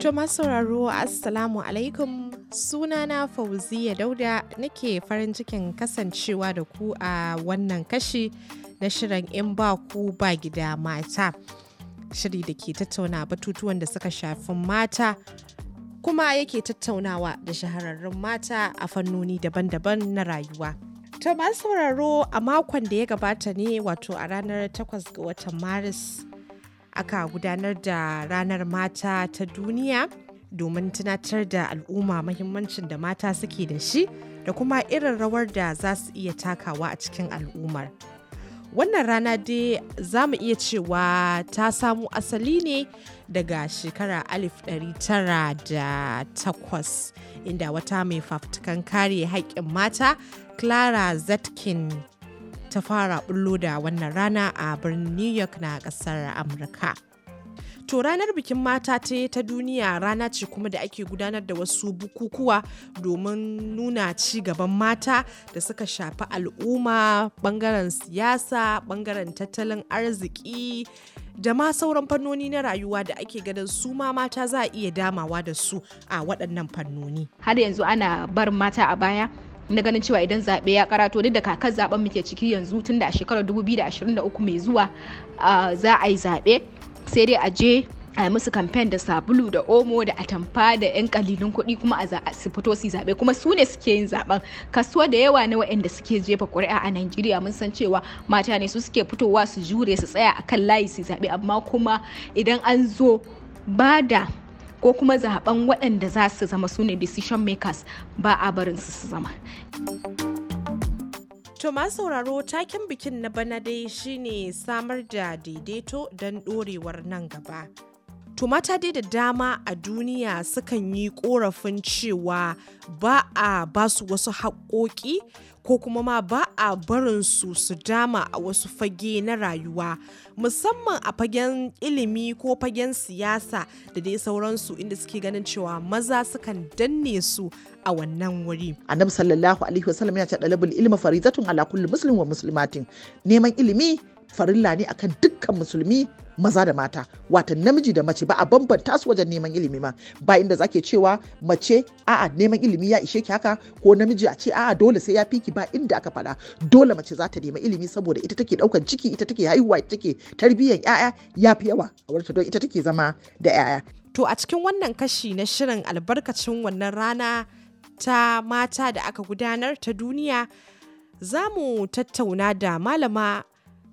Tuma sauraro Assalamu alaikum sunana Fauziya Dauda nake farin cikin kasancewa da ku a wannan kashi na shirin in ba ku ba gida mata. Shiri da ke tattauna batutuwan da suka shafi mata kuma yake tattaunawa da shahararrun mata a fannoni daban-daban na rayuwa. ta masu sauraro a makon da ya gabata ne wato a ranar 8 ga watan Maris aka gudanar da ranar mata ta duniya domin tunatar da al'umma mahimmancin da mata suke da shi da kuma irin rawar da za su iya takawa a cikin al'ummar. Wannan rana dai za mu iya cewa ta samo asali ne daga shekara 1908 inda wata mai fafutukan kare haƙƙin mata Clara Zetkin ta fara bullo da wannan rana a birnin New York na kasar Amurka. To ranar bikin mata yi ta duniya rana ce kuma da ake gudanar da wasu bukukuwa domin nuna ci gaban mata da suka shafi al'umma, bangaren siyasa, bangaren tattalin arziki da ma sauran fannoni na rayuwa da ake ganin su ma mata za a iya damawa da su a waɗannan fannoni. Har yanzu ana bar mata a baya na ganin cewa idan zaɓe ya karato duk da kakar zaɓen muke ciki yanzu tun da a shekarar 2023 mai zuwa za a yi zaɓe sai dai a je a yi musu kamfen da sabulu da omo da atamfa da yan kalilin kuɗi kuma a su fito su zaɓe kuma su ne suke yin zaɓen kaso da yawa na waɗanda suke jefa ƙuri'a a Najeriya mun san cewa mata ne su suke fitowa su jure su tsaya a kan layi su zaɓe amma kuma idan an zo ba da ko kuma zaben waɗanda za su zama su ne decision makers ba a barin su su zama. toma sauraro taken bikin na bana dai shine samar da daidaito don ɗorewar nan gaba. To mata dai da dama a duniya sukan yi korafin cewa ba a basu wasu haƙoƙi ko kuma ma ba a barin su su dama a wasu fage na rayuwa musamman a fagen ilimi ko fagen siyasa da dai sauransu inda suke ganin cewa maza sukan danne su a wannan wuri. Annabi sallallahu alaihi wasallam ya ce ɗalibin ilmi farizatun ala kulli muslim wa muslimatin neman ilimi farilla ne akan dukkan musulmi maza da mata wata namiji da mace ba a bambanta su wajen neman ilimi ma ba inda zake cewa mace a'a neman ilimi ya ishe ki haka ko namiji a ce a'a dole sai ya fiki ki ba inda aka faɗa dole mace za ta nema ilimi saboda ita take daukan ciki ita take haihuwa ita take tarbiyyar 'ya'ya ya fi yawa a wurta don ita take zama da 'ya'ya To a cikin wannan kashi na shirin albarkacin wannan rana ta mata da aka gudanar ta duniya za mu tattauna da malama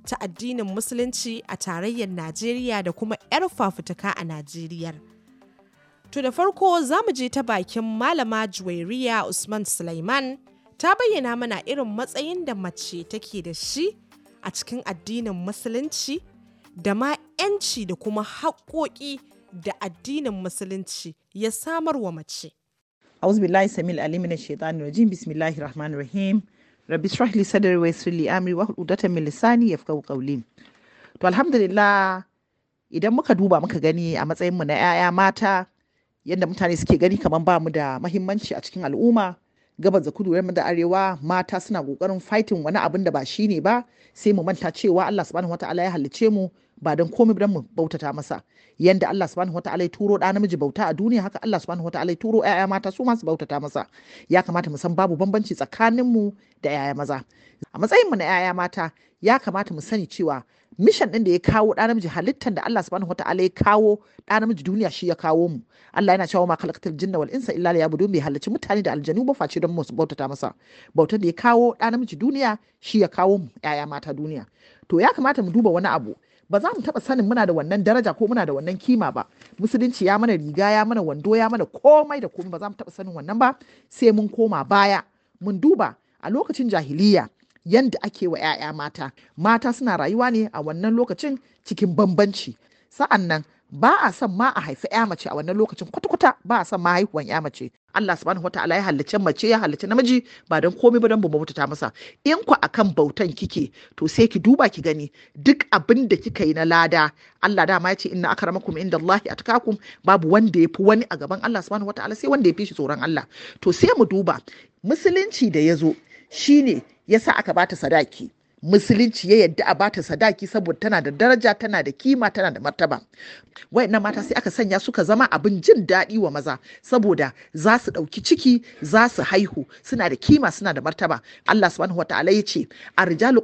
ta addinin musulunci a tarayyar Najeriya da kuma 'yar fafutuka a Najeriya. To da farko za mu je ta bakin malama Juwairiya Usman Sulaiman ta bayyana mana irin matsayin da mace take da shi a cikin addinin musulunci da ma 'yanci da kuma haƙoƙi da addinin musulunci ya samar wa mace. Auzubillahi Samil alimina minash rajim bismillahir rahmanir rahim. rabbi shrah li sadri wa yassir li amri wa hludatan min lisani yafqahu qawli to alhamdulillah idan muka duba muka gani a matsayin mu na 'ya'ya mata yadda mutane suke gani kamar ba mu da mahimmanci a cikin al'umma gabas da kudu da arewa mata suna kokarin fighting wani abin da ba ne ba sai mu manta cewa Allah subhanahu wataala ya halicce mu ba don komai dan mu bautata masa yanda Allah subhanahu wataala ya turo da namiji bauta a duniya haka Allah subhanahu wataala ya turo ƴaƴa mata su ma su bautata masa ya kamata mu san babu bambanci tsakanin mu da ƴaƴa maza a matsayin mu na ƴaƴa mata ya kamata mu sani cewa mission ɗin da ya kawo da namiji halittar da Allah subhanahu wataala ya kawo da namiji duniya shi ya kawo mu Allah yana cewa ma khalaqatil jinna wal insa illa liyabudu bi halicci mutane da aljanu ba face don mu su bautata masa bautar da ya kawo da namiji duniya shi ya kawo mu ƴaƴa mata duniya to ya kamata mu duba wani abu ba za mu taba sanin muna da wannan daraja ko muna da wannan kima ba musulunci ya mana riga ya mana wando ya mana komai da komai ba za mu taba sanin wannan ba sai mun koma baya mun duba a lokacin jahiliya yanda ake wa 'ya'ya mata mata suna rayuwa ne a wannan lokacin cikin bambanci sa'an nan ba a son ma a haifi ya mace a wannan lokacin kwata-kwata ba a son ma haihuwan ya mace Allah subhanahu ta'ala ya halicce mace ya halicce namiji ba don komai ba don mu ta masa in ku kan bautan kike to sai ki duba ki gani duk abin da kika yi na lada Allah dama ya ce inna akramakum indallahi atqakum babu wanda ya fi wani a gaban Allah subhanahu ta'ala sai wanda ya fi shi tsoron Allah to sai mu duba musulunci da ya zo shine sa aka bata sadaki musulunci ya yadda a bata sadaki saboda tana da daraja tana da kima tana da martaba wayannan mata sai aka sanya suka zama abin jin daɗi wa maza saboda za su ɗauki ciki za su haihu suna da kima suna da martaba Allah subhanahu wataala ya ce arjalu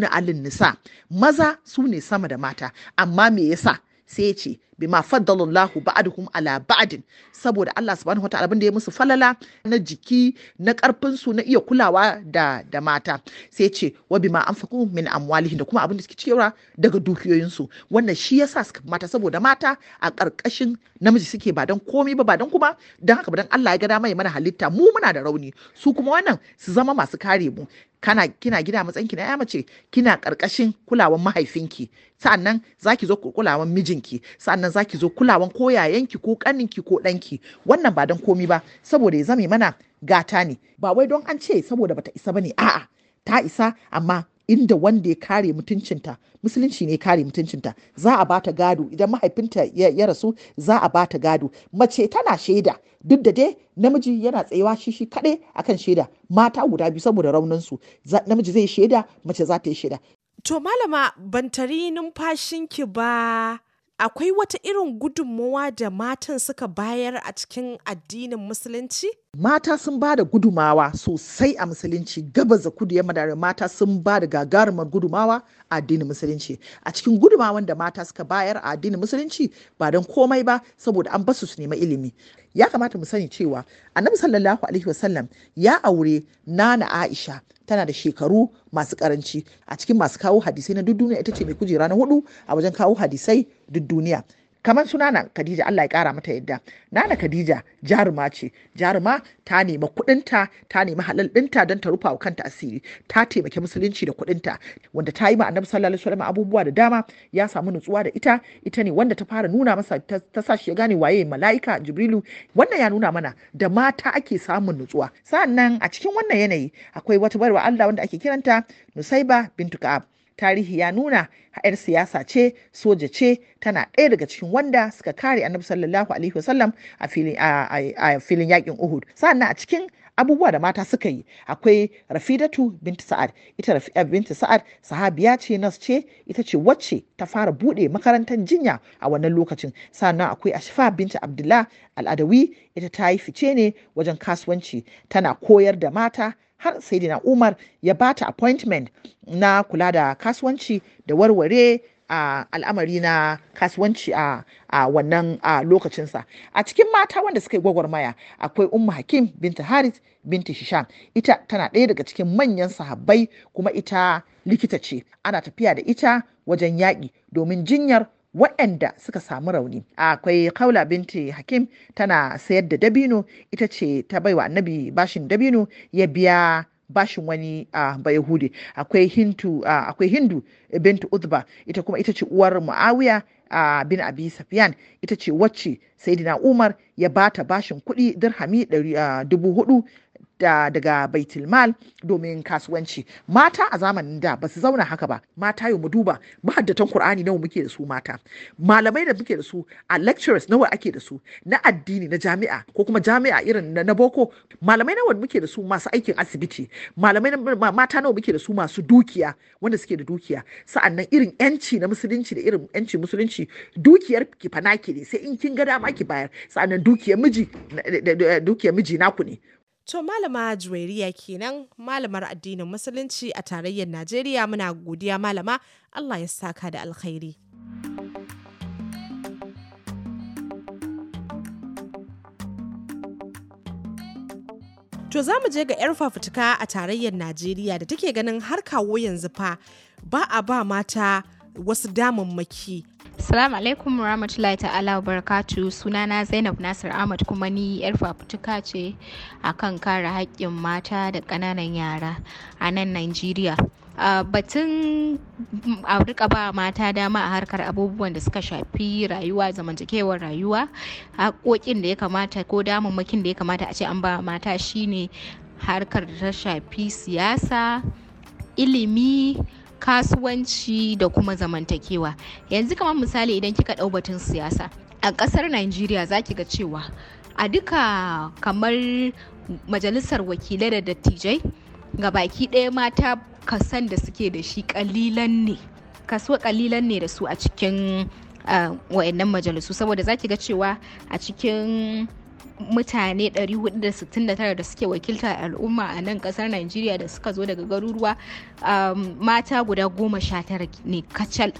na alin nisa maza su ne sama da mata amma me yasa sai ya ce bima faddalallahu ba'duhum ala ba'din saboda Allah subhanahu wataala abin ya musu falala na jiki na karfin su na iya kulawa da da mata sai ce wa bima anfaqu min amwalihim da kuma abin da suke cewa daga dukiyoyin su wannan shi yasa suka mata saboda mata a karkashin namiji suke ba dan komai ba ba dan kuma dan haka ba dan Allah ya ga dama mana halitta mu muna da rauni su kuma wannan su zama masu kare mu kana kina gida matsayinki na ya mace kina karkashin kulawan mahaifinki sa'annan zaki zo kulawan mijinki sa'annan za ki zo kulawan ko yayanki ko kaninki ko ɗanki wannan ba don komi ba saboda ya zame mana gata ne ba wai don an ce saboda bata isa bane a'a ta isa amma inda wanda ya kare mutuncinta musulunci ne kare mutuncinta za a bata gado idan mahaifinta ya rasu za a bata gado mace tana shaida duk da dai namiji yana tsayawa shi shi kaɗai akan shaida mata guda biyu saboda rauninsu namiji zai shaida mace za ta yi shaida to malama ban tari numfashinki ba akwai wata irin gudunmawa da matan suka bayar a cikin addinin musulunci? Mata sun ba da gudumawa sosai a musulunci gabas da kudu ya madara mata sun ba da gagarumar gudumawa a addinin musulunci. A cikin gudumawan da mata suka bayar a addinin musulunci ba don komai ba saboda an basu su nema ilimi. Ya kamata mu sani cewa Annabi sallallahu alaihi wasallam ya aure Nana Aisha tana da shekaru masu karanci a cikin masu kawo hadisai na duk duniya ita ce mai kujera na hudu a wajen kawo hadisai duk duniya kamar suna nana Khadija Allah ya kara mata yadda nana Khadija jaruma ce jaruma ta nemi kudinta ta nemi halal dinta don ta rufa wa kanta asiri ta taimake musulunci da kudinta wanda ta yi ma annabi sallallahu alaihi wasallam abubuwa da dama ya samu nutsuwa da ita ita ne wanda ta fara nuna masa ta sa shi ya gane waye mala'ika Jibrilu wannan ya nuna mana da mata ake samun nutsuwa sannan a cikin wannan yanayi akwai wata barwa Allah wanda ake kiranta Nusaiba bintu Ka'ab tarihi ya nuna yar siyasa ce soja ce tana ɗaya daga cikin wanda suka kare annabi sallallahu alaihi wasallam a filin a filin yakin Uhud sannan a cikin abubuwa da mata suka yi akwai rafidatu binti sa'ad ita rafi'a eh, binti sa'ad sahabiya ce nas ce ita ce wacce ta fara bude makarantar jinya a wannan lokacin sannan akwai ashfa binti abdullah al'adawi ita ta yi fice ne wajen kasuwanci tana koyar da mata har sai Saidina Umar ya ba ta appointment na kula da kasuwanci da warware a al'amari na kasuwanci a wannan lokacinsa a cikin mata wanda suka yi gwagwarmaya akwai umma hakim binta haris binta shishan ita tana ɗaya daga cikin manyan sahabbai kuma ita likita ce ana tafiya da ita wajen yaƙi domin jinyar waɗanda suka samu rauni akwai kaula binti hakim tana sayar da dabino ita ce ta baiwa annabi bashin dabino ya biya bashin wani uh, bayahudi akwai hindu uh, akwai hindu bintu uzba ita kuma ita ce uwar muawiya uh, bin abi safiyan ita ce wacce saidina umar ya bata bashin kuɗi dirhami dubu hudu da daga baitulmal domin kasuwanci mata a zamanin da ba su zauna haka ba mata yau mu duba mahaddatan kur'ani nawa muke da su mata malamai da muke da su a lecturers nawa ake da su na addini na jami'a ko kuma jami'a irin na boko malamai nawa muke da su masu aikin asibiti malamai mata nawa muke da su masu dukiya wanda suke da dukiya sa'annan irin yanci na musulunci da irin yanci musulunci dukiyar ki fanaki ne sai in kin ga dama ki bayar sa'annan dukiyar miji dukiyar miji naku ne To Malama Juwairiya kenan malamar addinin Musulunci a tarayyar Najeriya muna godiya malama Allah ya saka da alkhairi. To za mu je ga 'yar fafutuka a tarayyar Najeriya da take ganin har kawo yanzu fa ba a ba mata wasu damammaki Salamu alaikum rahmatullahi ta'ala barakatu sunana Zainab Nasir Ahmad kuma ni yar fafutuka ce akan kare haƙƙin mata da ƙananan yara a nan Najeriya. batun a rika ba mata dama a harkar abubuwan da suka shafi rayuwa zamantakewar rayuwa haƙoƙin da ya kamata ko damammakin da ya kamata a ce an ba mata shine harkar da ta shafi siyasa ilimi kasuwanci da kuma zamantakewa yanzu kamar misali idan kika ɗau batun siyasa a ƙasar najeriya za ki ga cewa a duka kamar majalisar wakilai da dattijai ga baki ɗaya mata kasan da suke da shi kalilan ne kaso ƙalilan ne da su a cikin uh, majalisu saboda za ki ga cewa a cikin mutane 469 da suke wakilta al'umma a nan kasar Najeriya da suka zo daga garuruwa um, mata guda goma sha tara ne kacal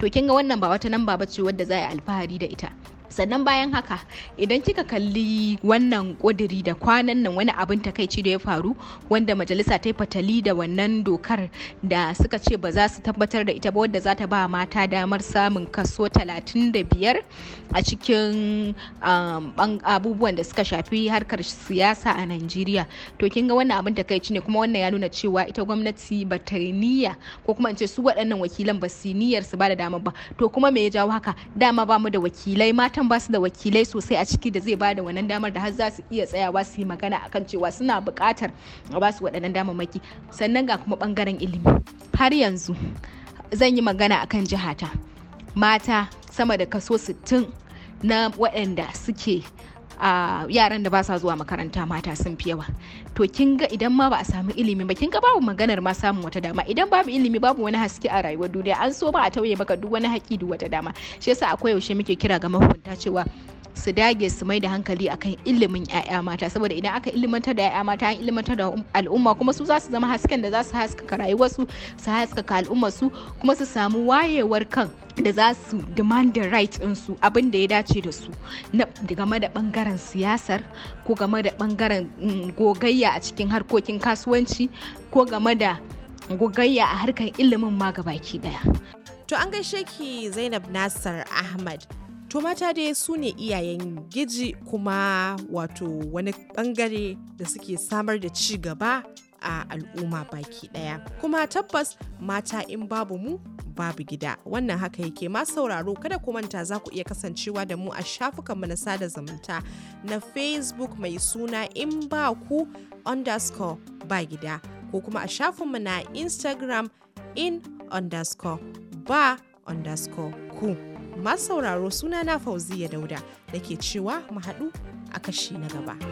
to kinga wannan ba wata nan ba ce wadda za a yi alfahari da ita sannan bayan haka idan kika kalli wannan kudiri da kwanan nan wani abin takaici da ya faru wanda majalisa ta yi fatali da wannan dokar da suka ce ba za su tabbatar da ita ba wadda za ta ba mata damar samun kaso 35 a cikin um, abubuwan da suka shafi harkar siyasa a najeriya to kin ga wannan abin takaici ne kuma wannan ya nuna cewa ita gwamnati ba ta niyya ko kuma in ce su waɗannan wakilan ba su niyyar su ba da dama ba to kuma me ya jawo haka dama ba mu da wakilai mata. matan ba su da wakilai sosai a ciki da zai ba da wannan damar da har za su iya tsayawa su yi magana akan cewa suna buƙatar a ba su waɗannan damammaki sannan ga kuma ɓangaren ilimi har yanzu zan yi magana akan jihata mata sama da kaso 60 na waɗanda suke a yaran da ba sa zuwa makaranta mata sun fi yawa to kin ga idan ma ba a samu ilimi ba kin ga babu maganar ma samun wata dama idan babu ilimi babu wani haske a rayuwar duniya an so ba a tauye maka duk wani haƙi duk wata dama shi yasa akwai yaushe muke kira ga mahukunta cewa su dage su mai da hankali akan ilimin 'ya'ya mata saboda idan aka ilimantar da 'ya'ya mata an ilimantar da al'umma kuma su za su zama hasken da za su haskaka rayuwarsu su haskaka al'ummarsu kuma su samu wayewar kan da za su the right in su abin da ya dace da su game da bangaren siyasar ko game da bangaren mm, gogayya a cikin harkokin kasuwanci ko game da gogayya a harkar ilimin ma baki daya. To an gaishe ki Zainab Nasar Ahmad. To mata dai su ne iyayen giji kuma wato wani bangare da suke samar da ci gaba a al'umma baki daya kuma tabbas mata in babu mu babu gida wannan haka yake ma sauraro kada ku manta za ku iya kasancewa da mu a shafukanmu na sada zumunta na facebook mai suna in ba ku underscore ba gida ko kuma a shafinmu na instagram in underscore ba underscore ku masu sauraro suna na fauzi ya dauda da ke cewa mu haɗu a kashi na gaba.